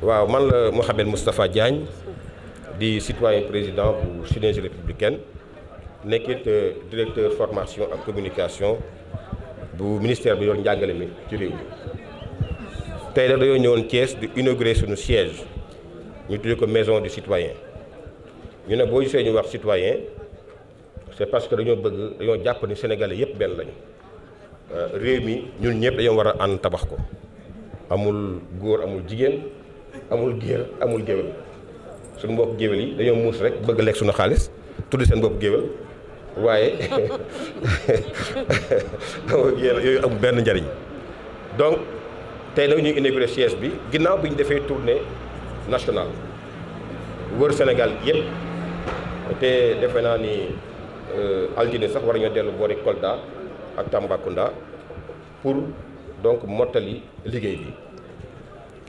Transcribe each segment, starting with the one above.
waaw man la Mouhamed Moustapha Diagne di citoyen président bu Synergie républicaine nekkit euh, directeur formation ak communication bu ministère bi yor njàngale mi ci réew mi tey da dañoo ñëwoon Thiès di inaugurer suñu siège ñu tuddee ko maison du citoyen ñu ne boo gisee ñu wax citoyen c'est parce que dañoo bëgg dañoo jàpp ni sénégalais yëpp benn lañu euh, réew mi ñun ñëpp dañoo war a ànd tabax ko amul góor amul jigéen amul géer amul géwél suñu mbokk géwél yi dañoo muus rek bëgg lekk suñu xaalis tudd seen bopp géwél waaye yooyu amul benn njariñ donc tey nag ñuy inauguré siège bi ginnaaw bi ñu defee tournée nationale wër Sénégal yëpp te defe naa ni euh, altine sax war ñoo dellu boori Kolda ak Tambacounda pour donc mottali liggéey bi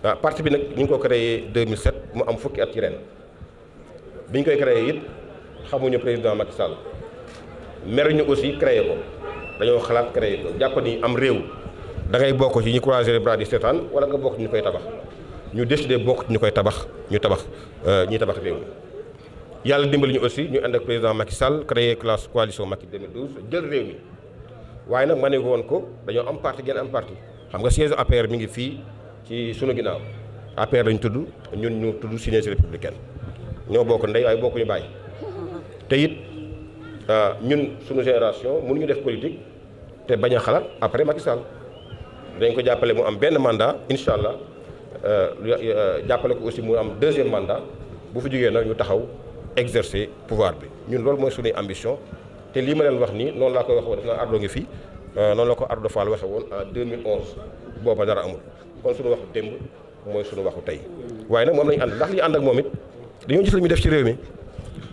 waa ah, parti bi nag ñu ngi ko créé 2007 mu am fukki at ci ren bi ñu koy créé it xamuñu président Macky Sall ñu aussi créé ko dañoo xalaat créé ko jàpp ni am réew da ngay bokk ci ñu croiser les bras seetaan wala nga bokk ci ñu koy tabax ñu décidé bokk ci ñu koy tabax ñu tabax euh, ñuy tabax réew mi yàlla dimbali ñu aussi ñu ànd ak président Macky Sall créé classe coalition Macky 2012 jël réew mi waaye nag ma ne woon ko dañoo am parti gën am parti xam nga siège mi ngi fii. suñu sunu ginnaaw APR lañ tudd ñun ñu tudd Synergie républicaine ñoo bokk ndey waaye ñu bàyyi te it ah, ñun sunu génération ñu def politique te bañ a xalaat après Macky Sall dañ ko jàppale mu am benn mandat incha allah euh, euh, jàppale ko aussi mu am deuxième mandat bu fi jógee nag ñu taxaw exercer pouvoir bi ñun loolu mooy sunuy ambition te lii ma leen wax nii noonu laa koy wax woon def naa ardo fii Euh, noonu la ko Ardo Fall waxe woon en 2011 booba dara amul kon suñu waxu démb mooy suñu waxu tey waaye nag moom lañu ànd ndax li ñu ànd ak moom it dañoo gis li def ci réew mi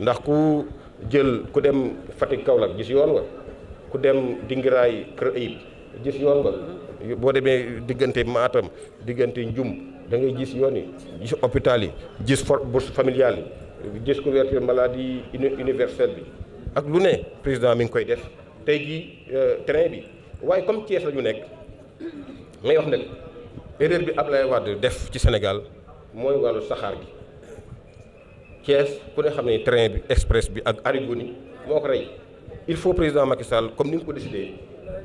ndax ku jël ku dem Fatick Kaolack gis yoon wa ku dem Dingiraay Kër Ayib gis yoon wa boo demee diggante maatam diggante Njum da ngay gis yoon yi gis hôpital yi gis bourse familiale yi gis couverture maladie universelle bi ak lu ne président mi ngi koy def tey jii euh, train bi waaye comme Thiès la ñu nekk may wax nag erreur bi ab Ablaye Wade def ci Sénégal mooy wàllu saxaar gi Thiès ku ne xam ne train bi express bi ak Arigoni moo ko rey il faut président Macky Sall comme ni mu ko décidé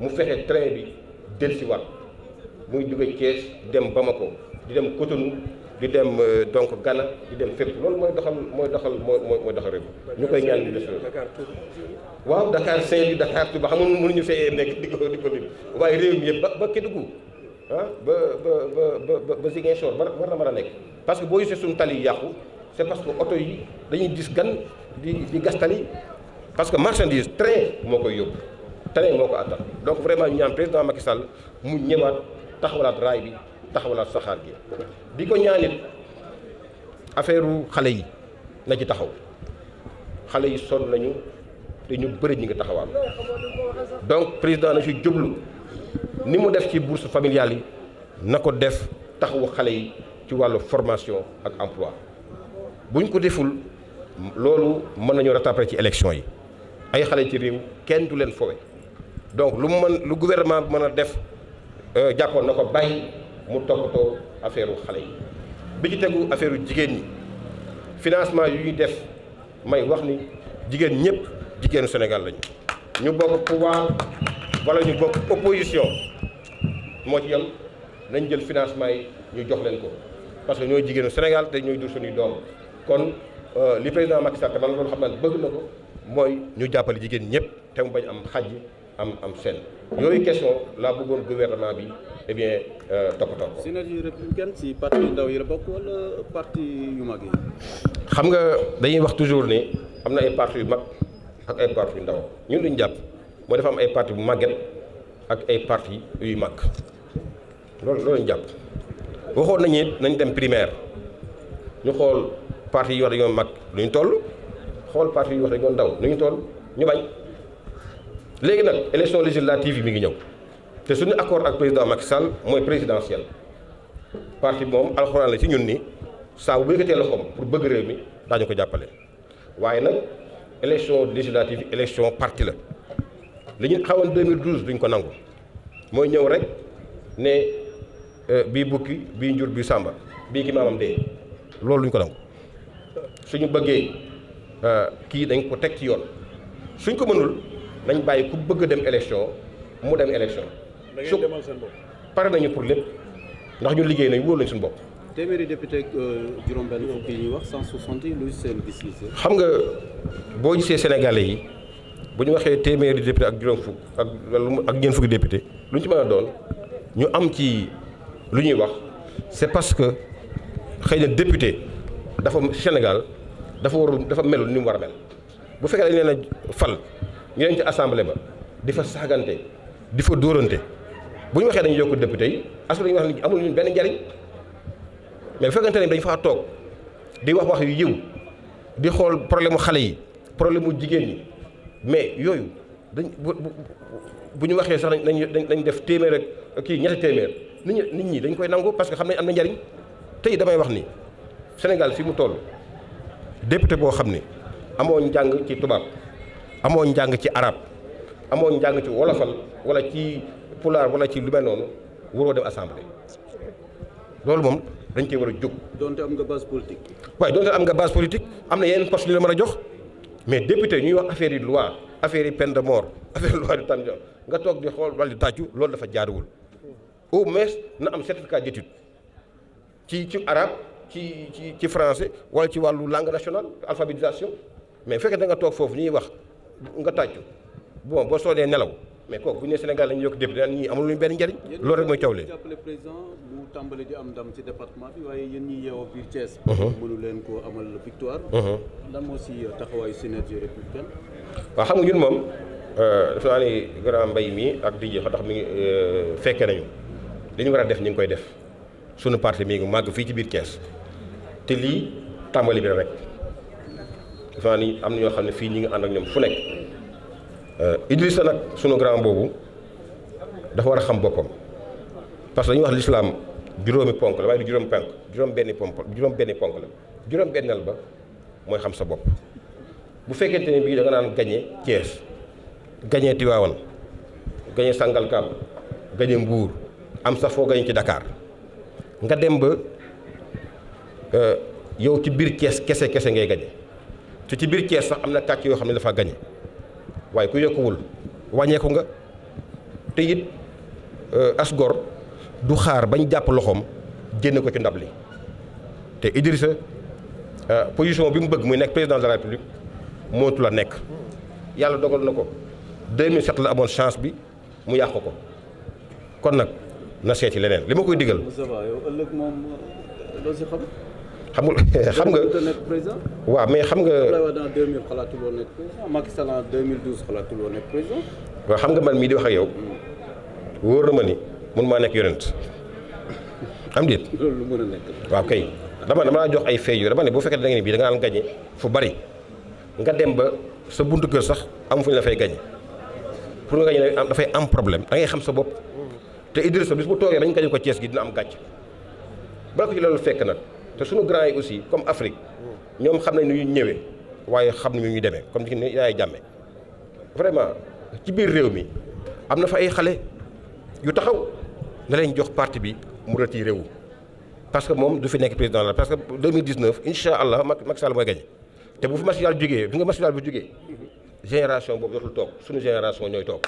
mu fexe train bi dellusiwaat muy jóge Thiès dem ko di dem Cotonou di dem euh, donc Ghana di dem fépp loolu mooy doxal mooy doxal mooy mooy doxal réew ñu koy ñaan ñu def waaw Dakar Saint-Louis Dakar Touba xam nga mënuñu nekk di ko di ko lim waaye réew mi yëpp ba ba Kédougou ah ba ba ba ba ba Ziguinchor war war a nekk parce que boo gisee suñu tali yàqu c'est parce que oto yi dañuy gis gan di di gas tali parce que marchandise train moo koy yóbbu train moo ko attan donc vraiment ñu ñaan président Macky Sall mu ñëwaat taxawalaat raay bi taxaw na saxaar gi di ko ñaanit affaire xale yi na ci taxaw xale yi sonn nañu te ñu bëri ñu ngi taxawal donc président na ci jublu ni mu def ci bourse familiale yi na ko def taxawu xale yi ci wàllu formation ak emploi buñ ko deful loolu mën nañu rattraper ci élection yi ay xale ci réew kenn du leen fowe donc lu mu mën lu gouvernement mën a def euh, jàppoon na ko bàyyi mu toppatoo affaire xale yi bi ci tegu affaire jigéen ñi financement yu ñuy def may wax ni jigéen ñëpp jigéenu Sénégal lañu ñu bokk pouvoir wala ñu bokk opposition moo ci yam nañ jël financement yi ñu jox leen ko parce que ñooy jigéenu Sénégal te ñooy du suñuy doom kon euh, li président Macky Sall te man loolu xam naa bëgg na ko mooy ñu jàppale jigéen ñëpp te mu bañ am xaj am am seen yooyu question laa bëggoon gouvernement bi eh bien euh, toppatoo ko. synergie républicaine ci parti yu ndaw yi la bokk parti yu mag xam nga dañuy wax toujours ni am na ay parti yu mag ak ay parti yu ndaw ñun lu ñu jàpp mooy dafa am ay parti bu màgget ak ay parti yuy mag loolu loolu ñu jàpp waxoon nañu it nañ dem primaire ñu xool parti yi wax dañoo mag lu ñu toll xool parti yi wax dañoo ndaw lu ñu toll ñu bañ. léegi nag élection législative yi bi ngi ñëw te suñu accord ak président Macky Sall mooy présidentiel parti moom alxuraan la ci ñun ni saa bu yëkkatee loxoom pour bëgg réew mi daañu ko jàppale waaye nag élection législative élection parti la li ñu xawoon 2012 duñ ko nangu mooy ñëw rek ne euh, bii bukki bii njur bi sàmba bii ki maamam dee loolu luñ ko nangu suñu bëggee euh, kii dañ ko teg ci yoon suñ ko mënul nañ bàyyi ku bëgg dem élection mu dem élection. su pare nañu pour lépp ndax ñu liggéey nañ wóor nañ suñu bopp. téeméeri député ak euh, juróom-benn fukki yi ñuy wax 160 lu seen gis-gis. xam nga boo gisee sénégalais yi bu ñu waxee téeméeri député ak juróom fukk ak ak ñeent fukki député lu ñu ci mën a doon ñu am ci lu ñuy wax c'est parce que xëy na député dafa Sénégal dafa warul dafa melul ni mu war a mel bu fekkee dañ leen a fal. ñu dem ci assemblée ba di fa saagante di fa dóorante bu ñu waxee dañuy yokk député yi askan dañuy wax ne amul benn njariñ mais bu fekkante ne dañ faa toog di wax wax yu yiw di xool problème mu xale yi problème mu jigéen ñi mais yooyu dañ bu bu ñu waxee sax dañ dañ def téeméer ak kii ñetti téeméer nit ñi nit ñi dañ koy nangu parce que xam ne am na njariñ tey damay wax ni Sénégal fi mu toll député boo xam ni amoo njàng ci tubaab. amoon njàng ci arab amoon njàng ci wolofal wala ci pulaar wala ci lu mel noonu waroo dem assemblée loolu moom dañ koy war a jóg. donte am nga base politique. waaye donte am nga base politique am na yeneen poste yu la mën a jox mais député ñuy wax affaire yi loi affaire yi peine de mort affaire loi de tànn nga toog di xool wala di tàccu loolu dafa jaaruwul au moins na am certificat d'étude ci ci arabe ci ci ci français wala ci wàllu langue nationale alphabétisation mais bu da nga toog foofu ñuy wax. nga tàccu bon boo soodee nelaw mais kooku bu ñu nee Sénégal lañu yokk député ñi amul luñu benn njëriñ. loolu rek mooy coow leen jàppale président mu tàmbali am ndam ci département bi waaye yéen ñi yeewoo biir mhm. leen koo amal victoire. Mhm. lan moo si taxawaayu synergie républicaine. waaw xam nga ñun moom dafa naa ni grand mbay mi ak di xa tax mi ngi euh, fekke nañu li ñu war a def ñu ngi koy def sunu parti mi ngi màgg fii ci biir Thiès te lii tàmbali bi rek. defe naa ni am na ñoo xam ne fii ñi ngi ànd ak ñoom fu nekk euh, Idrissa nag sunu grand boobu dafa war a xam boppam parce que dañuy wax lislaam juróomi ponk la waaye juróom ponk juróom benn juróom benn ponk la juróom bennal ba mooy xam sa bopp bu fekkente ne bii da nga naan gañe Thiès gañe Tivaouane gañe Sangalkam gañe Mbour am sax foo gañe ci dakaar nga dem ba euh, yow ci biir Thiès kese kese ngay gañe te ci biir Thiès sax am na kàcc yoo xam ne dafa gañe waaye ku yokkuwul wàññeeku nga te it euh, asgor du xaar bañ jàpp loxoom génn ko ci ndab li te Idrissa euh, position bi mu bëgg muy nekk président de la république mootu la nekk yàlla dogal na ko 2007 la amoon chance bi mu yàq ko kon nag na seeti leneen li ma koy digal. yow xam nga eh, xam nga waaw mais xam nga. waaw xam nga man mii di wax ak yow wóor na ma ni mun maa nekk yonent am déet. loolu mën a waaw kay dama dama laa jox ay fee yu dama ne boo fekkee da nga ne bii da nga naan gañe fu bari nga dem ba sa buntu kër sax am fu ñu la fay gañe pour nga gañe dafay am problème da ngay xam sa bopp te Idrissa bis bu toogee bañ gañe ko Thiès gi dina am gàcc bala ko ci loolu fekk nag. te suñu grand yi aussi comme Afrique ñoom xam nañ nu ñu ñëwee waaye xam nañu ñu demee comme ni yaay jàmme vraiment ci biir réew mi am na fa ay xale yu taxaw na leen jox parti bi mu retiré wu. parce que moom du fi nekk président la parce que 2019 incha allah Macky Sall mooy gagné te bu fi Macky Sall jógee fi nga Macky Sall bu jógee génération boobu dootul toog suñu génération ñooy toog.